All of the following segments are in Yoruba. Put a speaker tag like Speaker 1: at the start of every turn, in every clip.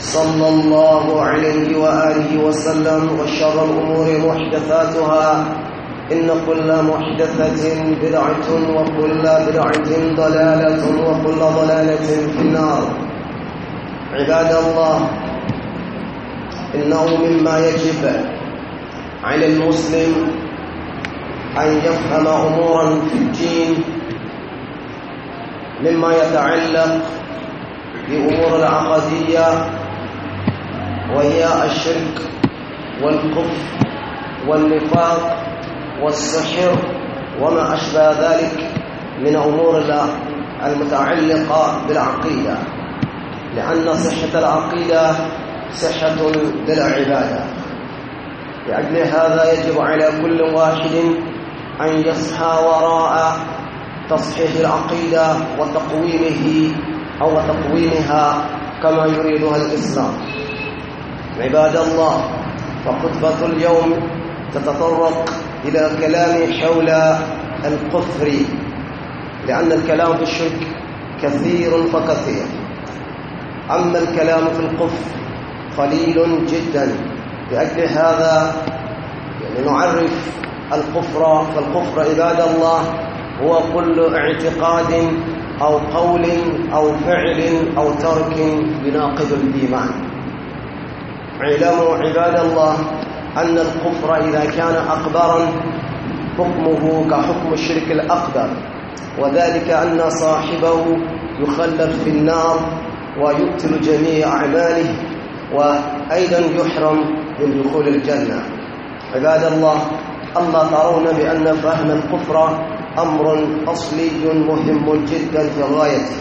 Speaker 1: صلى الله عليه وآله وسلم وشر الأمور محدثاتها إن كل محدثة بدعة وكل بدعة ضلالة وكل ضلالة في النار عباد الله إنه مما يجب على المسلم أن يفهم أمورا في الدين مما يتعلق بأمور العقدية وهي الشرك والكفر والنفاق والسحر وما أشبه ذلك من أمور المتعلقة بالعقيدة لأن صحة العقيدة صحة بالعبادة لأجل هذا يجب على كل واحد أن يصحى وراء تصحيح العقيدة وتقويمه أو تقويمها كما يريدها الإسلام عباد الله فخطبة اليوم تتطرق إلى كلام حول الكفر لأن الكلام في الشرك كثير فكثير أما الكلام في القفر قليل جدا لأجل هذا يعني نعرف الكفر فالكفر عباد الله هو كل اعتقاد أو قول أو فعل أو ترك يناقض الإيمان اعلموا عباد الله أن الكفر إذا كان أقبرا حكمه كحكم الشرك الأكبر وذلك أن صاحبه يخلد في النار ويقتل جميع أعماله وأيضا يحرم من دخول الجنة عباد الله الله ترون بأن فهم الكفر أمر أصلي مهم جدا في غايته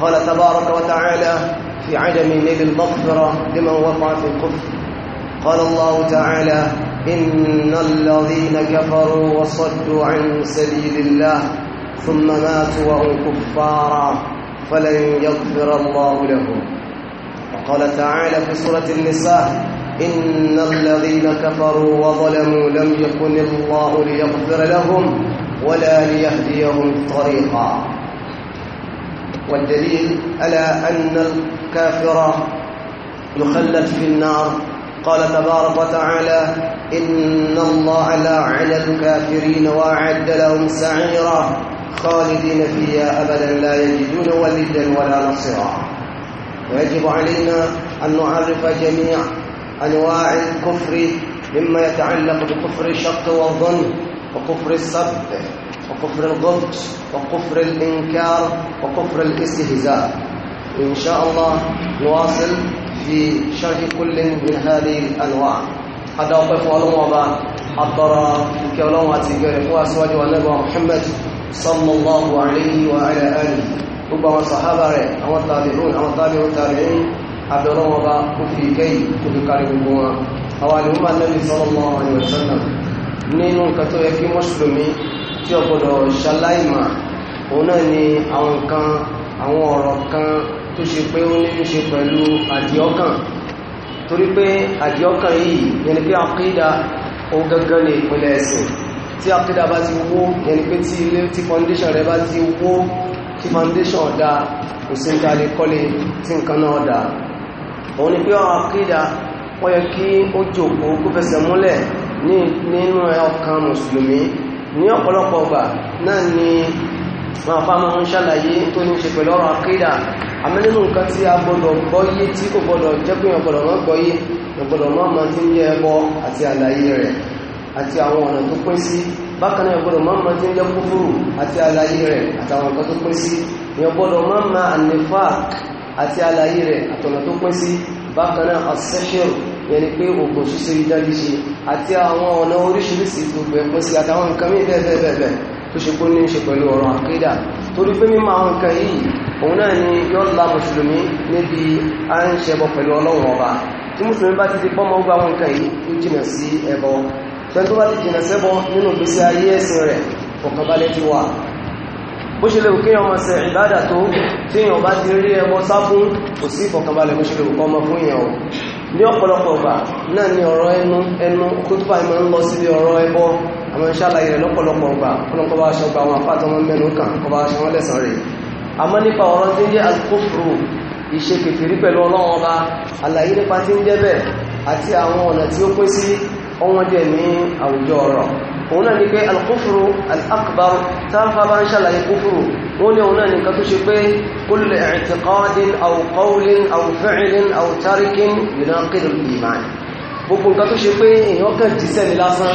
Speaker 1: قال تبارك وتعالى في عدم نيل المغفرة لمن وقع في الكفر قال الله تعالى إن الذين كفروا وصدوا عن سبيل الله ثم ماتوا وهم كفارا فلن يغفر الله لهم وقال تعالى في سورة النساء إن الذين كفروا وظلموا لم يكن الله ليغفر لهم ولا ليهديهم طريقا والدليل ألا أن الكافر يخلد في النار قال تبارك وتعالى إن الله لا على الكافرين وأعد لهم سعيرا خالدين فيها أبدا لا يجدون وليدا ولا نصيرا ويجب علينا أن نعرف جميع أنواع الكفر مما يتعلق بكفر الشق والظن وكفر السب وكفر الغبط وكفر الإنكار وكفر الاستهزاء إن شاء الله نواصل في شرح كل من هذه الأنواع هذا وقف وضع حضر الكولوم أتجاري وأسواج والنبي محمد صلى الله عليه وعلى آله ربما صحابة أو التابعون أو التابعون التابعين abẹ́rọ́wọ́ bá kó fi kẹ́yì tó fi kárí gbogbo wọn àwọn àdìmọ́ bá Nabi sallallahu alaihi wasallam nínú nǹkan tó yẹ kí mùsùlùmí tí ọ̀gbọ́dọ̀ ṣaláìmà òun náà ni àwọn nǹkan àwọn ọ̀rọ̀ kan tó ṣe pé ó ní ṣe pẹ̀lú àdìọ́kàn torí pé àdìọ́kàn yìí yẹni pé àkídà òun gangan ní ìpínlẹ̀ ẹ̀sìn tí àkídà bá ti wó yẹni pé tí ilé tí foundation rẹ bá ti wó tí foundation ọ̀dà kò sí ní ta lè kọ́lé tí nǹkan náà dáa òun ni pé ọ̀rọ̀ àkídà wọ́n yẹ kí ó jòkó kó fẹsẹ̀ múlẹ̀ nínú ọkàn mùsùlùmí ní ọ̀pọ̀lọpọ̀ ọgbà náà ni wọn àfáàmọ́ ń ṣàlàyé tó ní ṣe pẹ̀lú ọ̀rọ̀ àkídà àmẹ́nínú nǹkan tí a gbọ́dọ̀ gbọ́yé tí kò gbọ́dọ̀ jẹ́ pé ọgbọ̀dọ̀ mọ́ gbọ́yé ọgbọ̀dọ̀ mọ́ mọ́ tí ń jẹ́ ẹbọ àti àlàyé rẹ̀ àti àwọn ọ̀nà tó pín sí bákan náà ọgbọ̀dọ̀ mọ́ mọ́ tí ń jẹ́ kúfúrù àti àlàyé rẹ̀ àtàwọn nǹkan tó pín sí ìyọgbọ́dọ̀ mọ́ mọ́ ànífàkì àti àlàyé rẹ̀ àtọ̀nà tó pín sí bákan náà asẹ́ṣẹ́rù yẹni pé oògùn ṣíṣe ìdájí ṣe àti àwọn ọ̀nà oríṣiríṣi gbogbo ẹ̀pọ̀ sí àtàwọn nǹkan mí bẹ́ẹ̀bẹ́ẹ̀bẹ́ẹ̀ tó ṣe kó ní ṣe pẹ̀lú ọ̀rọ̀ àkídà torí pé mímọ̀ àwọn nǹkan yìí òun náà ni yọ́ la mùsùlùmí níbi à ń ṣẹbọ pẹ̀lú ọlọ́run ọba tí mùsùlùmí bá ti ti pọ́nmọ́ bó ṣe lè kí ọmọ ṣe ìbádà tó tí èyàn bá ti rí ẹmọ sá fún kò sí ìfọ̀kànbalẹ̀ bó ṣe lè kọ́ ọmọ fún èyàn ní ọ̀pọ̀lọpọ̀ ọ̀gbà náà ni ọ̀rọ̀ ẹnu ẹnu kó tó báyìí máa ń lọ síbi ọ̀rọ̀ ẹbọ àwọn iṣẹ́ àlàyé rẹ̀ lọ́pọ̀lọpọ̀ ọ̀gbà kọ́lọ́kọ́ bá aṣọ gba àwọn àpáàtọ́ wọn mẹ́nu kàn kọ́ bá aṣọ wọn lẹ́sàn rẹ̀ àmọ́ nípa ọ̀rọ̀ tí ń jẹ́ alukófòrò ìṣe kèfèrí pẹ̀lú ọlọ́run ọba àlàyé nípa tí ń jẹ́ òun náà ni pé alkúfùrù al'akbar tánfà bá ń ṣàlàyé kúfùrù wọ́n ni òun náà ni ká tó ṣe pé kullu i'tiqadin aw qawlin aw fi'lin aw tarikin yunaqidu al-iman gbogbo nǹkan tó ṣe pé èèyàn kàn jíṣẹ́ ní lásán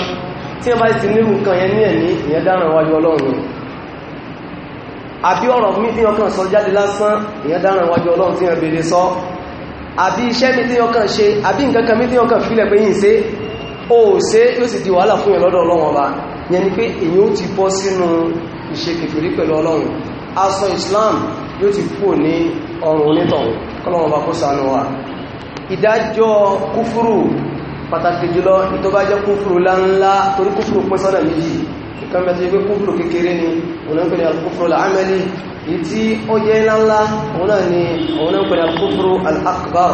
Speaker 1: tí wọ́n bá ti nírú nǹkan yẹn ní ẹ̀mí ìyẹn dáràn wájú ọlọ́run àbí ọ̀rọ̀ ó ṣe yóò sì di wàhálà fún ìlọ́dọ̀ ọlọ́run ọba yẹn ni pé èyí ó ti bọ́ sínú ìṣe kèfèrí pẹ̀lú ọlọ́run aṣọ Islam yóò ti kú ní ọrùn onítọ̀hún kọ́lọ́run ọba kó ṣàánú wa ìdájọ́ kúfúrù pàtàkì jùlọ ìtọ́ bá jẹ́ kúfúrù láńlá torí kúfúrù pín sọ́nà méjì ìkan bẹ̀ me yẹ pé kúfúrù kékeré ni òun náà ń pè ní alkúfúrù làámẹ́lì èyí tí ó jẹ́ ńláńlá òun náà ni òun náà ń pè ní alkúfúrù al-akbar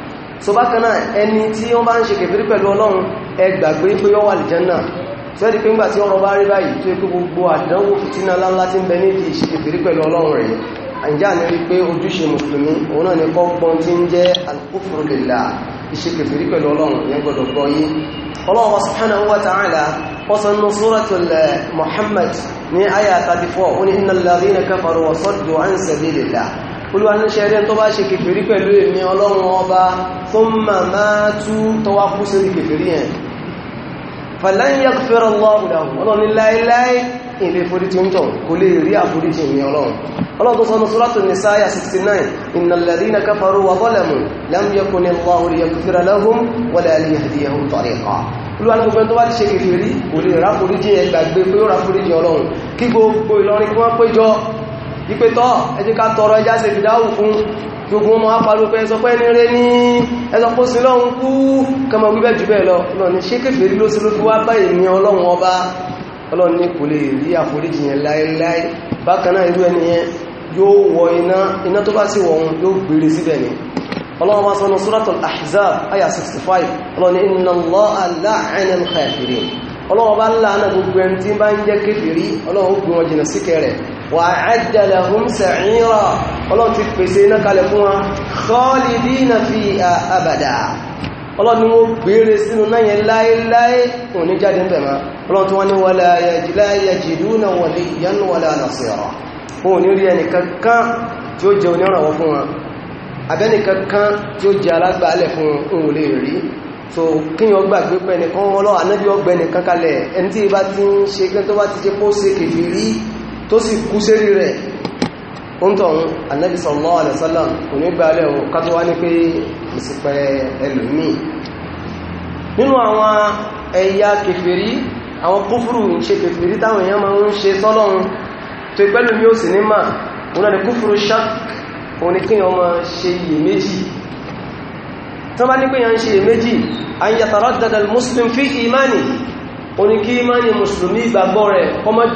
Speaker 1: so bákan náà ẹni tí wọ́n bá ń ṣe kèfèrí pẹ̀lú ọlọ́run ẹ gbàgbé pé yọ́ wà lìjẹ́nà tó ẹ́dì pé ń gbà tí ọrọ̀ bá rí báyìí tó ikú gbogbo àdánwò fìtínà láńlá tí ń bẹ níbi ìṣe kèfèrí pẹ̀lú ọlọ́run rẹ̀ àìjá ní rí pé وصل نصرة محمد من آية 34 قل الذين كفروا وصدوا عن سبيل الله olúwa ní ṣẹ́rẹ́ tó bá ṣe kèfèrí pẹ̀lú èmi ọlọ́run ọba tó màmá tú tó wá kú sí kèfèrí yẹn falan yaghfira Allahu lahu ọlọ́run láíláí ilé foríjì ń tọ̀ kò lè rí àforíjì 69 innal ladhina kafaru wa zalamu lam yakun Allahu liyaghfira lahum wa la yahdiyahum tariqa olúwa ní gbogbo tó bá ti ṣe kèfèrí kò lè ráforíjì ẹgbàgbé pé ó ráforíjì ọlọ́run kí gbogbo Ìlọrin kí wọ́n péjọ wípé tọ́ ẹjẹ́ ká tọrọ ẹjá sí ìdáwù fún gbogbo ọmọ apalúpẹ́ ẹsọ pẹ́ ní rẹ ní ẹsọ kó sí lọ́hun kú kẹmọ̀ wíbẹ̀ jù bẹ́ẹ̀ lọ lọ́ni ṣe kéfèé ló sí ló fi wá báyìí ní ọlọ́run ọba ọlọ́run ní kò lè rí àforíjì 65 ọlọ́run inna Allaha la'ana al-kafirin ọlọ́run bá láàánà gbogbo ẹni tí bá ń jẹ́ kéfèrí ọlọ́run ó wà àjẹ́lẹ̀ hún sẹ̀ríra ọlọ́run ti pèsè iná kalẹ̀ fún wọn khalidina fi àbàdà ọlọ́run wọ́n gbére sínú náà yẹn láéláé wọn ní jáde pẹ̀mọ́ ọlọ́run tí wọ́n ní wala yajiduna waliyyan wala nasira wọn ní rí ẹnìkankan gbàgbé pẹ́ nìkan ọlọ́ ànábí ọgbẹ́ nìkan kalẹ̀ ẹni tí ìbá ti ń ṣe gẹ́ tó bá ti ṣe kó ṣe kèfèrí tó sì kú sérí rẹ̀ oúntọ̀hún annabi sallallahu alaihi wasallam kò ní gba alẹ́ òun kátó wá ní pé ìsìpẹ̀ ẹlòmíì nínú àwọn ẹ̀yà kèfèrí àwọn kúfùrù ń ṣe kèfèrí táwọn èèyàn máa ń ṣe sọ́lọ́run tó ìpẹ́lú mi ó sì ní mà òun náà ni kúfùrù ṣak òun ni kí wọ́n máa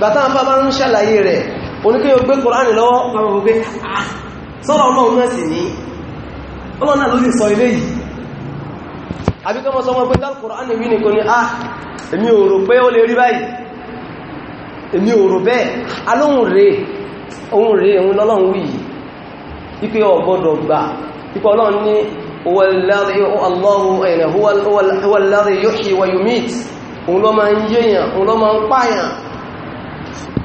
Speaker 1: bàtà àpá bá ń ṣàlàyé rẹ̀ oníkéyò kòránì lọ́wọ́ pàpàpà ah, sọ́rọ̀ ọlọ́run náà sì ní ló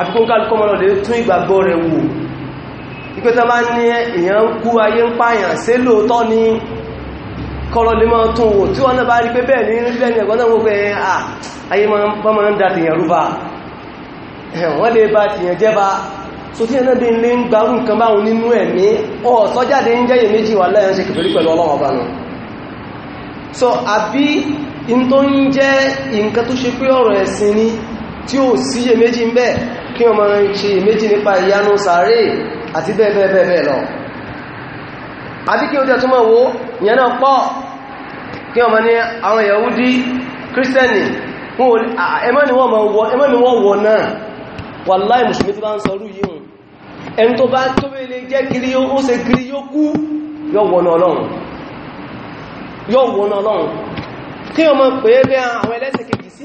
Speaker 1: àfikún kálùkọ́ mọ́ lọ́lẹ̀ tún ìgbàgbọ́ rẹ̀ wò ipé bá ní èyàn kú ayé ń pààyàn sí lóòótọ́ ní kọlọ̀lẹ̀ mọ́ tún wò tí wọ́n náà bá rí pé bẹ́ẹ̀ ní bẹ́ẹ̀ ní ẹ̀gbọ́n náà wọ́n pé ayé so àbí in tó ń jẹ́ tó ṣe pé ọ̀rọ̀ ẹ̀sìn ni tí ó kí ọmọ rẹ̀ ṣe méjì nípa ìyanu sàárè àti bẹ́ẹ̀bẹ́ẹ̀bẹ́ẹ̀ lọ àbí kí o jẹ́ túnmọ̀ wo ìyẹn náà pọ̀ kí ọmọ ní àwọn Yahudi kírísítẹ́nì ẹmọ́ ni wọ́n wọ náà wàláì mùsùlùmí tí bá kiri ó ṣe kiri yóò kú yóò wọ̀nà ọlọ́run kí ọmọ pẹ̀ẹ́ bẹ́ àwọn ẹlẹ́sìn kejì sí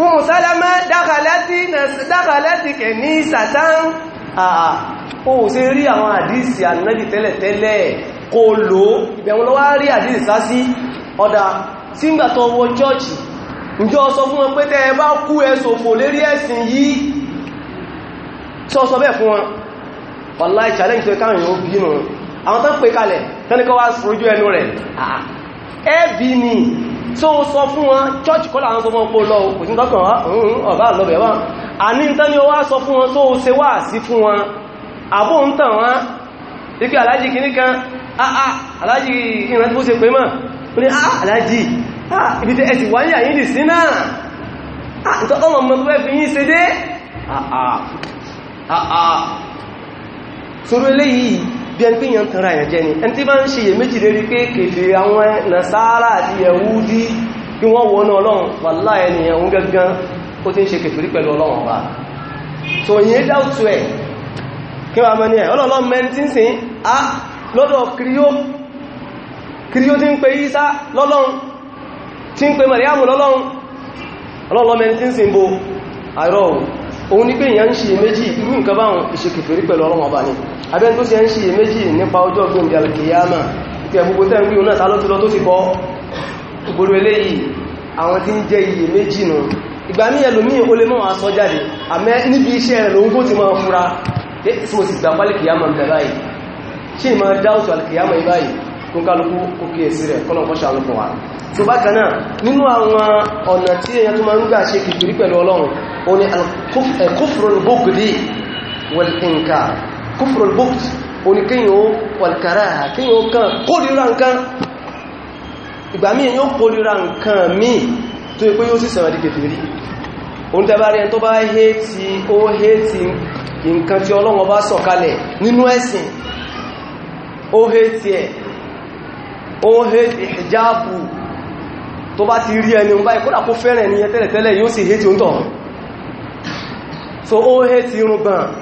Speaker 1: Umu Salama dákàlẹ́tì kẹ̀ àà ó ṣe rí àwọn àdísì ànábì tẹ́lẹ̀tẹ́lẹ̀ kò lò bẹ̀wọ̀n rí àdísì sásí ọ̀dà síngbàtọ̀ wọ chọ́ọ̀chì ǹjọ́ sọ fún wọn pé tẹ́ ẹ bá kú ẹ lérí ẹ̀sìn yìí tí bẹ́ẹ̀ fún tó sọ fún wọn church kọ́lá àwọn sọmọ́ pò lọ kò sí tọ́kàn ọ̀bá lọ́bẹ̀ wọn a ní tán ni ó wá sọ fún wọn tó ṣe wá sí fún wọn àbó ń tàn wọn ipi alájì kìíní kan àà ah, ah, alájì ìrántí bó ṣe pé mọ́ ó ní àà ah, alájì ibi tẹ́ ẹ̀sì wáyé àyílì sí náà àtọ́ ọmọ mọ́ pẹ́ fi yí ṣe dé àà àà sóró eléyìí bí ẹni pé yàn tànrà èèyàn jẹ́ ni ẹni tí bá ń ṣe yẹ méjì lérí pé kèfè àwọn nàṣàárà àti Yẹhudi kí wọ́n wọ́n náà ọlọ́run wàlá ẹniyàn ń gẹ́gán ó ti ń ṣe kèfèrí pẹ̀lú ọlọ́run bá so yìí dáútù ẹ̀ kí wọ́n mọ́ ní ẹ̀ ọlọ́run mẹ́rin tí ń sìn á lọ́dọ̀ kìríó kìríó tí ń pe Ìsá lọ́lọ́run tí ń pe Màríàmù lọ́lọ́run ọlọ́run mẹ́rin tí ń sìn bo àìrọ̀ òun ni kèfèrí pẹ̀lú ọlọ́run ọba ni abẹ́ni tó ṣe ń ṣe méjì nípa ọjọ́ ọgbọ̀n ìdí alkiyama ti ẹgbogbo tẹ́ ń rí onáà sálọ́tí lọ tó ti bọ́ gbogbo eléyìí àwọn tí ń jẹ́ iye méjì nù ìgbà ní ẹlòmí o lè máa sọ jáde àmẹ́ níbi iṣẹ́ rẹ̀ lóhun kó ti máa fura tí mo sì gbà pálí kìyàmà ń bẹ̀rẹ̀ yìí ṣe ìmọ̀ dáútù ni alkufrul kúfùrù bókt oní kíyàn ó pọ̀lkàrá kíyàn ó kàn kólìra nǹkan ìgbà míì yóò kólìra nǹkan míì tó ipé yóò sì sọ̀rọ̀ di kèfèrí oún tẹ́bá rí ẹn tó bá hétí ó hétí nǹkan tí Ọlọ́run bá sọ̀kalẹ̀ nínú ẹ̀sìn ó hétí ẹ̀ ó hétí hijabu tó bá ti rí ẹni báyìí kódà kó fẹ́rẹ̀ ní ẹtẹ́lẹ̀tẹ́lẹ̀ yóò sì hétí oúntọ̀ so ó hétí irun gbọ̀n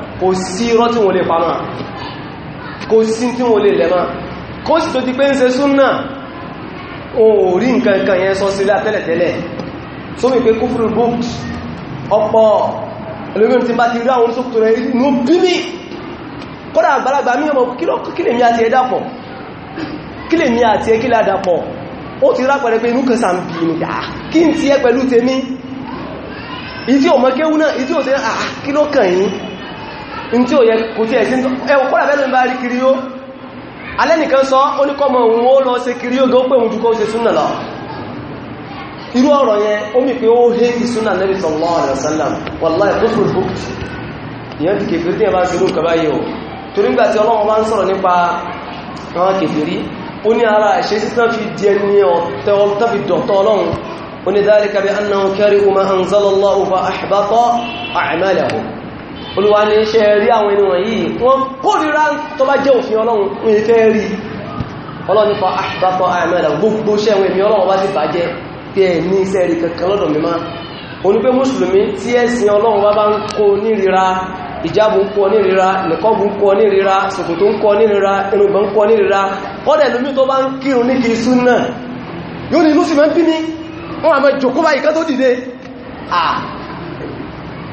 Speaker 1: kò sí irọ́ tí wọ́n lè pa náà kò sí tí wọ́n lè lẹ́mà kó sì tó ti pé ń ṣe súnnà ohun orí nǹkan nǹkan yẹn sọ sílá tẹ́lẹ̀tẹ́lẹ̀ tó mi pé kúfùrù books ọ̀pọ̀ olóògbé ti bá ti rí àwọn oníṣòkòtò rẹ̀ inú bí mi kọ́dà àgbàlagbà mí ọmọ kílè mi àti ẹ̀dàpọ̀ kílè mi àti ẹkílè àdàpọ̀ ó ti rá pẹ̀lẹ̀ pé inú kan sàm bí mi dáa ah, kí n ti ẹ pẹ̀lú tèmi ìdí ọmọ kéwú náà ìdí òtẹ́ àkílọ́kàn ah, yìí in tí ó yẹ kò tí ẹ̀sìn ẹwọ kọ́lá bẹ́lú bá rí kiri yóò alẹ́nìkan sọ ó ní kọmọ òun ó lọ ṣe kiri yóò gẹ́ ó pé òun jù kọ́ ṣe súnà lọ irú ọ̀rọ̀ yẹn ó mì pé ó hé ti súnà Nabi sallallahu alaihi wasallam wallahi kufru book ìyẹn ti kèfèrí tí ẹ bá ń sinú kaba yìí o torí ń gbà tí Ọlọ́run olúwa ní ṣe rí àwọn ẹni wọ̀nyí wọ́n kórìíra tó bá jẹ́ òfin ọlọ́run ní ìfẹ́ rí ọlọ́run nípa àṣìbátọ̀ àmẹ́lá gbogbo iṣẹ́ wọn èmi ọlọ́run bá sì bàjẹ́ pé ẹ̀ ní iṣẹ́ rí kankan lọ́dọ̀ mi má oní pé mùsùlùmí tí ẹ̀sìn ọlọ́run bá bá ń kó nírira ìjábù ń kó nírira nìkọ́bù ń kó nírira ṣòkòtò ń kó nírira irùngbà ń kó nírira kọ́dẹ̀ lómi tó bá ń kírun ní kìí sún náà yóò ní inú ń bí ní wọ́n àmọ́ jòkó báyìí ká tó dìde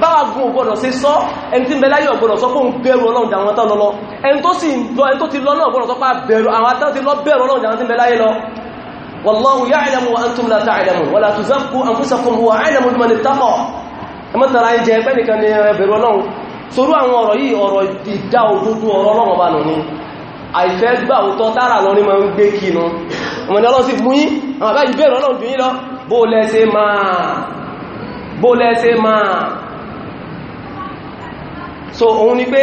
Speaker 1: báwa gun ògbọ́dọ̀ sí sọ ẹni tí ń bẹ láyé ògbọ́dọ̀ sọ fún bẹ̀rù ọlọ́run jàwọn tán lọ́lọ́ ẹni tó sì lọ ẹni tó ti lọ náà ògbọ́dọ̀ sọ pá bẹ̀rù àwọn tán ti lọ bẹ̀rù ọlọ́run jàwọn tí ń bẹ láyé lọ wallahu ya'lamu wa antum la ta'lamun wa la tuzakku anfusakum huwa a'lamu biman ittaqa ẹmọ́ bó lẹ́sẹ̀ máa bó lẹ́sẹ̀ máa so òun ni pé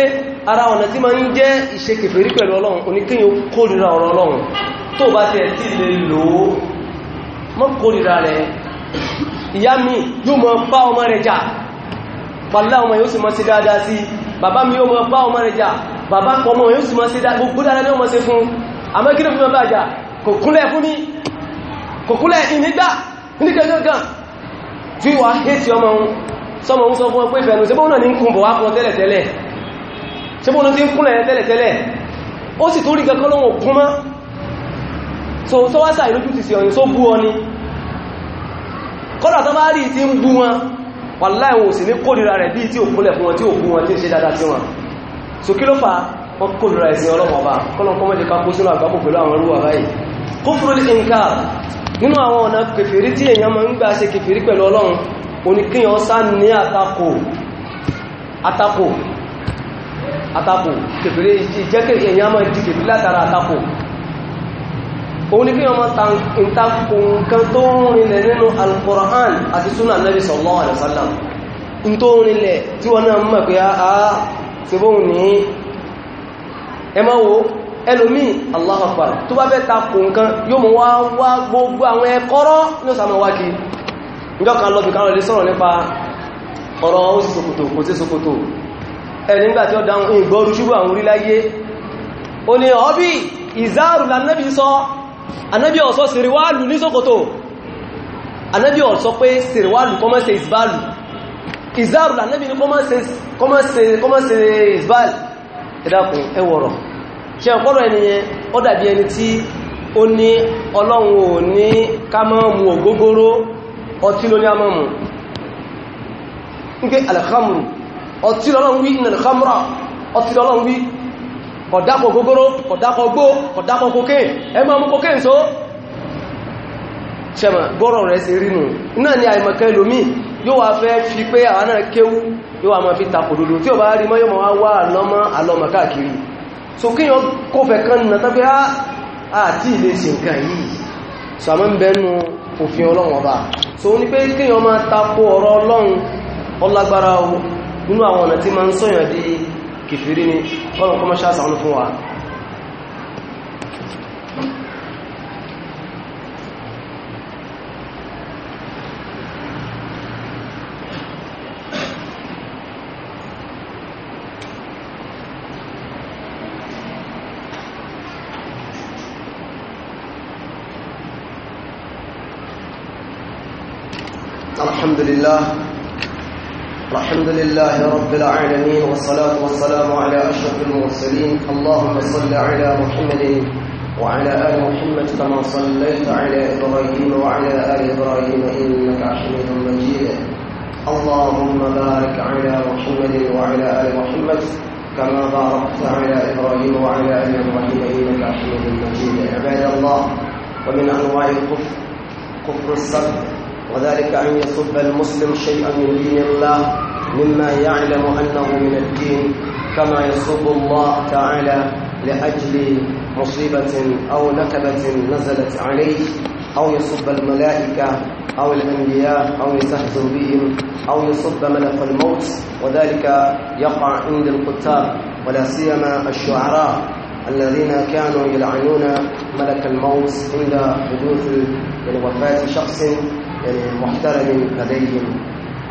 Speaker 1: ara ọ̀nà tí ma ń jẹ́ ìṣe kèfèrí pẹ̀lú ọlọ́run oníkíyàn kórìíra ọ̀rọ̀ ọlọ́run tó bá tẹ̀ tí lè lòó mọ́ kórìíra rẹ̀ ìyá mi yóò mọ́ bá ọmọ rẹ̀ jà pàlá ọmọ yóò sì mọ́ sí dáadáa sí bàbá mi yóò mọ́ bá ọmọ rẹ̀ jà bàbá kọmọ mọ́ yóò mọ́ mọ́ sọmọ ń sọ fún ọpẹ́ ìfẹ̀nù sí bọ́ọ̀nà ní ń kún bọ̀ wá fún tẹ́lẹ̀tẹ́lẹ̀ sí bọ́ọ̀nà tí ń kúnlẹ̀ tẹ́lẹ̀tẹ́lẹ̀ ó sì tó rí gẹ́kọ́ lọ́wọ́ kún mọ́ so tó wá sáà ìlójú ti sí ọ̀yìn tó bú ọ ni kọ́dà tó bá rí tí ń bú wọn wà láìwọ̀n sì ní kórìíra rẹ̀ bíi tí ò kúnlẹ̀ fún wọn tí ò bú wọn tí ń ṣe dáadáa sí wọn so kí ló fà wọ́n kórìíra ẹ̀sìn ọlọ́mọba kọ́lọ̀kọ́mọ́dé ká kó sínú àgbákò pẹ̀lú àwọn olúwa báyìí kufrul inkar nínú àwọn ọ̀nà kèfèrí tí èèyàn máa ń gbà ṣe kèfèrí pẹ̀lú ọlọ́run oníkíyàn sá ní àtakò àtakò àtakò kèfèrè jẹ́ èyàn máa di kèfèrè látara àtakò oníkíyàn máa ìtakò nǹkan tó rinlẹ̀ nínú al àti súnà Nabi sallallahu tó tí náà mọ̀ pé a ti ní ẹlòmí ìjọkan lọ bìkan lè sọ̀rọ̀ nípa ọ̀rọ̀ ó sì ṣòkòtò kò sí ṣòkòtò ẹni nígbà tí ó dáhùn ìgbọ́rú ṣúgbù àwọn oríláyé ó ní ọ̀bí ìzáàrù lànàbí sọ anábí ọ̀sọ́ sìríwálù ní ṣòkòtò anábí ọ̀sọ́ pé sìríwálù kọ́mọ́ ṣe ìsbálù ìzáàrù lànàbí ní kọ́mọ́ ṣe ìsbálù ẹ̀dàkùn ẹwọ̀rọ̀ ṣe ọ̀pọ̀rọ̀ ẹniyẹn ó dàbí ẹni tí ó ní ọlọ́run ò ní ká má mu ògógóró ọtí ló a máa nke alhamru ọtí lọ́lọ́n wí ní alhamra ọtí lọ́lọ́n kọ̀dákọ̀ gógóró kọ̀dákọ̀ gbó kọ̀dákọ̀ kókè ẹ máa kókè ǹsó ṣẹ̀mà bọ́rọ̀ rẹ̀ sí rínú náà ni àìmọ̀kẹ́ lómi yóò wá fẹ́ fi pé kéwú yóò wá máa fi tí ó bá rí mọ́ yóò máa wá káàkiri so kí kan nà tàbí àti ilé ṣe nǹkan yìí àmọ́ ń òfin ọlọ́run ọba so ní pé kíyàn máa tako ọ̀rọ̀ ọlọ́run ọlágbára o nínú àwọn ọ̀nà tí ma ń sọ́yàn di kìfìrí ni ọlọ́run kọmọ́ṣáṣà ọ̀nà fún wa الحمد لله رب العالمين والصلاة والسلام على أشرف المرسلين اللهم صل على محمد وعلى آل محمد كما صليت على إبراهيم وعلى آل إبراهيم إنك حميد مجيد اللهم بارك على محمد وعلى آل محمد كما باركت على إبراهيم وعلى آل إبراهيم إنك حميد مجيد عباد الله ومن أنواع الكفر كفر السب وذلك أن يسب المسلم شيئا من دين الله مما يعلم أنه من الدين كما يصب الله تعالى لأجل مصيبة أو نكبة نزلت عليه أو يصب الملائكة أو الأنبياء أو يستهزئ بهم أو يصب ملك الموت وذلك يقع عند الكتاب ولا سيما الشعراء الذين كانوا يلعنون ملك الموت عند حدوث يعني وفاة شخص يعني محترم لديهم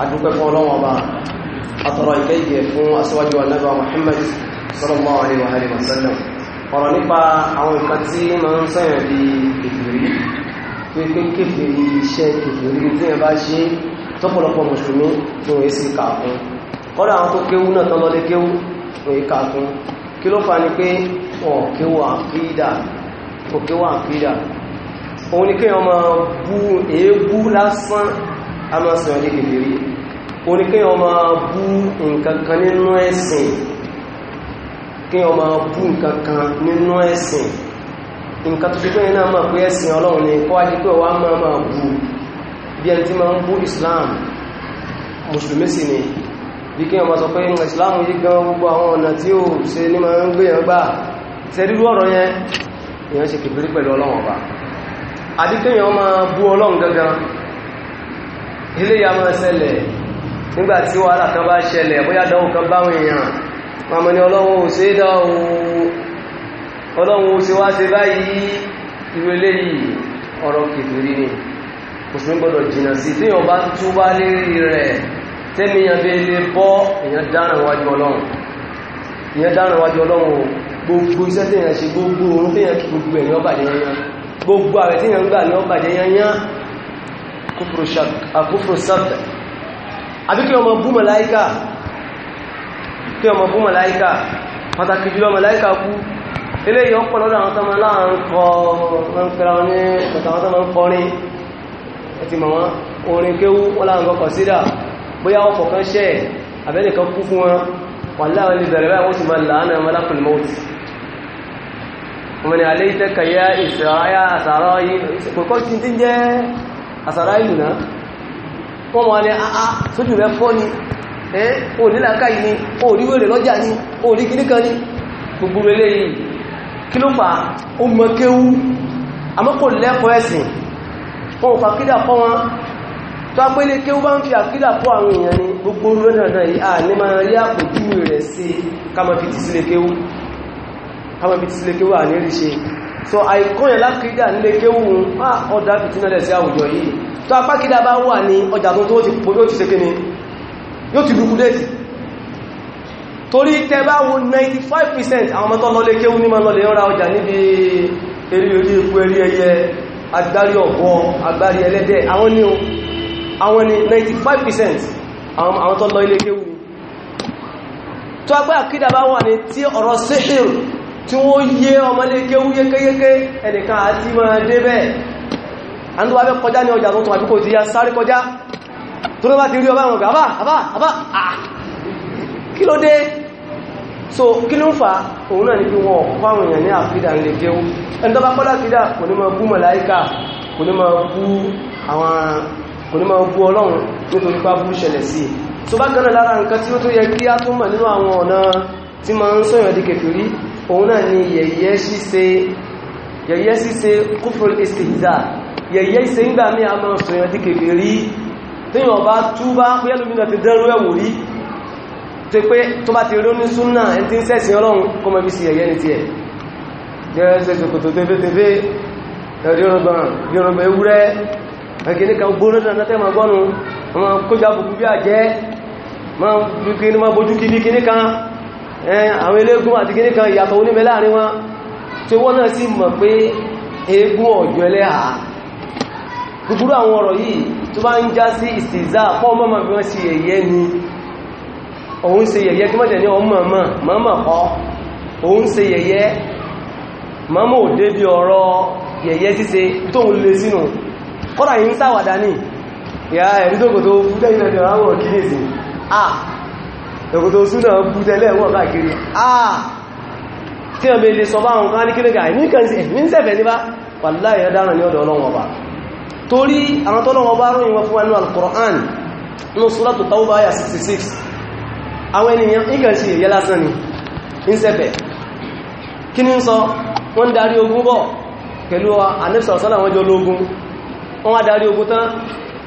Speaker 1: adúpẹ́ fún ọlọ́wọ́ bá àtọ̀rọ̀ ìkẹ́yẹ fún aṣíwájú anábà Muhammad sallallahu alaihi wa sallam ọ̀rọ̀ nípa àwọn nǹkan tí di kèfèrí pé kèfèrí iṣẹ́ kèfèrí tí ẹ bá ṣe tọ́pọ̀lọpọ̀ mùsùlùmí tó rẹ̀ sí kàkún kọ́dà àwọn tó kéwú náà tán lọ́lé kéwú rẹ̀ kàkún kí ló fa ni pé ọ̀kéwà àkídà òkéwà àkídà òun ni kéèyàn máa bú èébú lásán a máa sọ̀rọ̀ ní kèfèrí oníkéyàn máa bú nǹkankan nínú ẹ̀sìn kéyàn máa bú nǹkankan nínú ẹ̀sìn nǹkan tó máa pé ẹ̀sìn ọlọ́run ni kọ́ wájú pé wá máa máa Islam musulmi sì ni bí sọ pé Islam yí gan gbogbo àwọn ọ̀nà tí ó ṣe ní máa ń gbé yàn gbà ṣe rírú ọ̀rọ̀ yẹn èèyàn ṣe kìbírí pẹ̀lú ọlọ́run ọba àdíkéyàn máa bú ya máa ṣẹlẹ̀ nígbà tí wàhálà kan bá ṣẹlẹ̀ bóyá dánwò kan báwọn èèyàn màmá ni ọlọ́run ò ṣe dá o ọlọ́run ò ṣe wá ṣe báyìí irú eléyìí ọ̀rọ̀ kìfìrí ni mùsùlùmí gbọ́dọ̀ jìnà sí tí yàn bá túbá lérí rẹ̀ tẹ́mìyàn bí ilé bọ́ èyàn dáràn wájú ọlọ́run èyàn dáràn wájú ọlọ́run gbogbo iṣẹ́ tí èyàn ṣe gbogbo orun tí èyàn àbí kí ọmọ bú màláíkà kí ọmọ bú màláíkà pàtàkì jùlọ màláíkà kú eléyìí ọ̀pọ̀ lọ́dọ̀ àwọn tọ́mọ láàrín kọ ránpẹ́ra ní pàtàkì tọ́mọ ń kọrin ẹ̀tì mọ̀ wọ́n orin kéwú wọ́n láàrín kọkọ̀ sídà bóyá ọkọ̀ kan ṣẹ́ àbẹ́nìkan kú fún wọn wà láwọn ilẹ̀ bẹ̀rẹ̀ báyìí wọ́n sì máa làánà malakul maut ومن عليتك يا إسرائيل أسرائيل وكل سنتين wọ́n wọ́n ní àá ah, ah, sójú rẹ̀ fọ́ ni ẹ́ o ní làákàyè ni o rí wèrè lọ́jà ni o rí kìníkan ni gbogbo eléyìí kí ló fà ó mọ kéwú àmọ́ kò lẹ́kọ̀ọ́ ẹ̀sìn wọn ò fàkídà kọ́ wọn tó á pé lé kéwú bá ń fi àkídà kọ́ àwọn èèyàn ni gbogbo lọ́dọ̀dọ̀ yìí à ní máa rí àpòjú rẹ̀ sí kámọ́ fi so àìkọ́yẹ̀ lákídà nílé kéwùn ọdá fìtínàlẹ̀ sí àwùjọ yìí tó apákídà bá wà ní ọjà tó tó ti ṣe kíni yóò ti dúkú déètì torí tẹ bá wo 95% àwọn ọmọ tó lọlé kéwú ní ma lọlé ra ọjà níbi eré orí ikú eré ẹyẹ agbárí ọ̀gbọ́n agbárí ẹlẹ́dẹ̀ àwọn ní o àwọn ni 95% àwọn tó lọ ilé kéwú ní tó agbá àkídà bá wà ní tí ọ̀rọ̀ sẹ́ṣẹ̀rù tí wọ́n yé ọmọléke wúyé kéyéké ẹnìkan àti máa dé bẹ́ẹ̀ àndúwàbẹ́ kọjá ní ọjà tuntun àdúkò tí ya sáré kọjá tó ló bá ti rí ọba àwọn ọ̀gá àbá àbá ah, kí ló dé so kí ló ń fa òun náà ní bí wọn ọ̀pọ̀ àwọn èèyàn ní àfídà ń lè jẹun ẹni tó bá kọ́lá fídà kò ní máa bú màláíkà kò ní máa bú àwọn kò ní máa bú ọlọ́run nítorí so bákan náà ń sọ̀yàn di kèfèrí òun náà ni yẹ̀yẹ́ ṣíṣe yẹ̀yẹ́ ṣíṣe kúfùrù istihza yẹ̀yẹ́ ṣe ń gbà mí àmọ́ sọ̀yàn di kèfèrí tíyàn bá túbá pẹ́lúmínà ti dẹ́rú ẹ̀wò rí tí pé tó bá ti rí ní súnà ẹni tí ń sẹ́sìn ọlọ́run kó mọ́ bí sí yẹ̀yẹ́ ní tiẹ̀ yẹ́sẹ̀ tòkòtò tẹ́fẹ́tẹ́fẹ́ ẹ̀rọ̀gbọ̀n ewúrẹ́ ẹ̀kìní kan gbóná náà tẹ́ ma gbọ́nu ọmọ kójá àwọn eléégún àti kìíní kan ìyàtọ̀ onímẹ̀ láàrin wọn tí wọ́n náà sì mọ̀ pé eégún ọ̀jọ́ ẹlẹ́hà gbogbo àwọn ọ̀rọ̀ yìí tó bá ń já sí ìsìnzá pọ́ mọ́mọ́ bí wọ́n ṣe yẹ̀yẹ́ ni òun ṣe yẹ̀yẹ́ kí mọ́jẹ̀ ní ọmọ mọ́mọ́ kọ́ òun ṣe yẹ̀yẹ́ mọ́mọ́ ò débi ọ̀rọ̀ yẹ̀yẹ́ ṣíṣe tóun lè sínú kọ́dà yìí ń sáwàdá ní ìyá ẹ̀rí tó kò tó fúdẹ́ ìrìnàjò àwọn òkìlẹ̀ sí ẹ̀kùtò súnà bú tẹ́lẹ̀ wọ́n káàkiri àà ah. ah. tí a mẹ́lẹ̀ sọ bá àwọn kan ní kílẹ̀gà ní sẹ́fẹ̀ ní bá wallahi dára ní ọ̀dọ̀ ọlọ́wọ́ bá torí àwọn tọ́lọ́wọ́ bá ròyìn wọn fún wa ní al-Qur'an ní suratu Tawbah ayà 66 àwọn ènìyàn ìgàn sí ni ní sẹ́fẹ̀ kí ní sọ wọ́n darí ogun bọ̀ pẹ̀lú anẹ́sọ̀sọ́lá wọn jọ lógun wọ́n wá darí ogun tán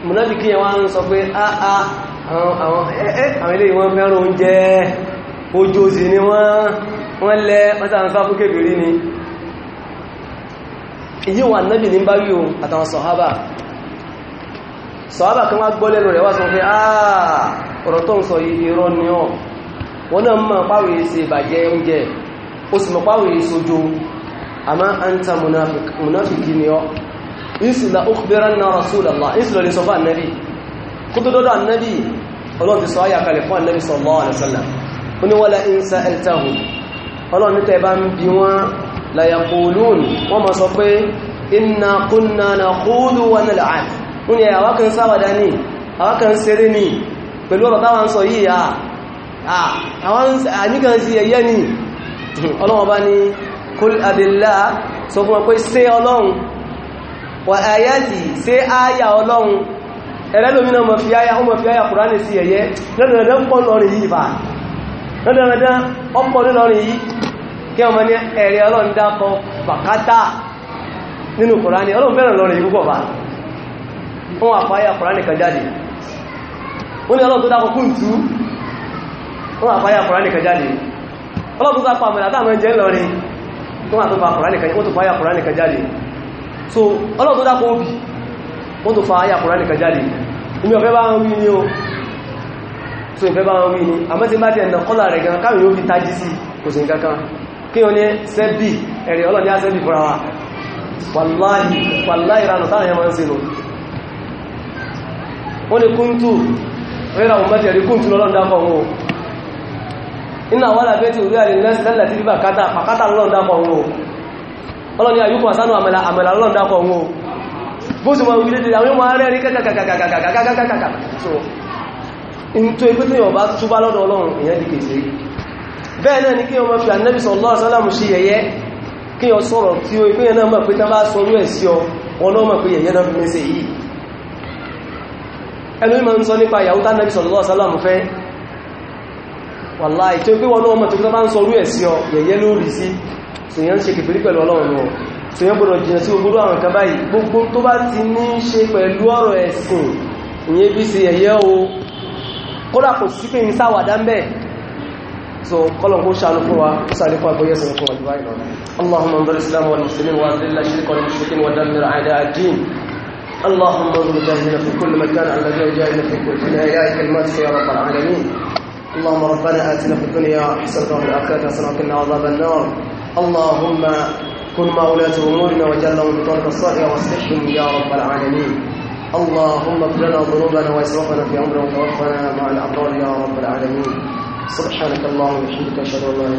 Speaker 1: mùnáfikí ah ah àwọn ilé ìwọ̀n fẹ́ràn oúnjẹ ojú òsì ni wọ́n lẹ́ wọ́n tàà ń sá fún kèbìrí ni èyí wà náàbì ní báyìí ohun àtàwọn sọ̀hábà sọ̀hábà kan wá gbọ́ lẹ́nu rẹ̀ wá sọ pé àà ọ̀rọ̀ tó ń sọ irọ́ ni ọ́ wọ́n náà mọ̀ páwì ṣe ìbàjẹ́ oúnjẹ ó sì mọ̀ páwì ṣojo àmá anta munafiki ni ọ́ ìsìlá ó kúbẹ́rán náà rasulullah ìsìlọ́ lè sọ bá annabi kó tó dọ́dọ̀ annabi ọlọ́run ti sọ ayà kalẹ̀ fún ànábì sallallahu alaihi wasallam ó ní wala in sa'altahum ọlọ́run nítẹ̀ bá ń bi wọ́n la yaqulun wọ́n ma sọ pé inna kunna nakhudu wa nal'ab wọ́n ni àwa kan sáwàdá ní àwa sọ yìí àníkan sí ọlọ́run bá ní kul abillah ọlọ́run ẹlẹ́lòmínà mọ̀ fi áyà ọmọ fi áyà kùránì sí ẹ̀yẹ lọ́dọ̀dọ̀ pọ̀ lọ́rin yìí bá lọ́dọ̀dọ̀ ọpọ̀ lọ́rin yìí kí ọmọ ní ẹ̀rẹ ọlọ́ndàkọ bàkátà nínú kùránì ọlọ́fẹ́ràn lọ́rin yìí púpọ̀ bá wọ́n àfáyà kùránì kan jáde wọ́n ni ọlọ́run tó dákọ̀ kún tú wọ́n àfáyà kùránì kan jáde ọlọ́run tó sápa àmàlà táàmà jẹ́ lọ́rin wọ́n àtọ́fà so ọlọ́run tó dákọ̀ obì wọ́n tó fáyà kùránì kan jáde ní ọ̀fẹ́ bá ń wí ní o so ìfẹ́ bá ń wí ní àmọ́ tí bá ti ẹ̀nà kọ́lá rẹ̀ gan káàrin yóò fi tají sí kò sí nǹkankan kí o ní sẹ́bì ẹ̀rẹ̀ ọlọ́ni á sẹ́bì fúnra wa wàláhì wàláhì ìranù táwọn ẹmọ ń se lò ó ní kúntù rírà òun mẹ́tẹ̀ẹ̀rí kúntù bó sì máa wílé àwọn ọmọ arẹ́ rí kàkàkàkàkàkàkàkàkàkà so in tó ikú tí yọ̀bá túbá lọ́dọ̀ ọlọ́run èyàn di kèsè bẹ́ẹ̀ náà ni kí ọmọ fi ànẹ́bì sallallahu alaihi wasallam sí yẹ̀yẹ́ kí ọ sọ̀rọ̀ tí ó ìpínyẹ náà mọ̀ pé tán bá sọ orú ẹ̀ sí ọ ọlọ́mọ̀ pé yẹ̀yẹ́ náà sallallahu alaihi wasallam fẹ́ wàláì tí ó pé wọn náà mọ̀ tó tán bá ń sọ orú ẹ̀ sí tó yẹn gbọ́dọ̀ jìnà sí gbogbo àwọn kan báyìí gbogbo tó bá ti ní ṣe pẹ̀lú ọ̀rọ̀ ẹ̀sìn ìyẹn bí ṣe ẹ̀yẹ́ o kódà kò sí pé ń sáwàdá ń bẹ́ẹ̀ so kọlọ̀ kó ṣàánú fún wa sàrífà bóyẹ̀ sọ fún ọjọ́ àìlọ́ اللهم انظر الاسلام والمسلمين واذل الشرك والمشركين ودمر اعداء الدين اللهم انظر جاهلنا في كل مكان على جاهلنا في كل نهايات كلماتك يا رب العالمين اللهم ربنا اتنا في الدنيا حسنه وفي الاخره حسنه وقنا عذاب النار اللهم كن مع ولاة أمورنا وجلهم بطرق الصائرة واصلحهم يا رب العالمين اللهم اغفر لنا ذنوبنا واسرافنا في أمرنا وتوفنا مع الأبرار يا رب العالمين سبحانك اللهم وبحمدك أشهد أن لا إله الا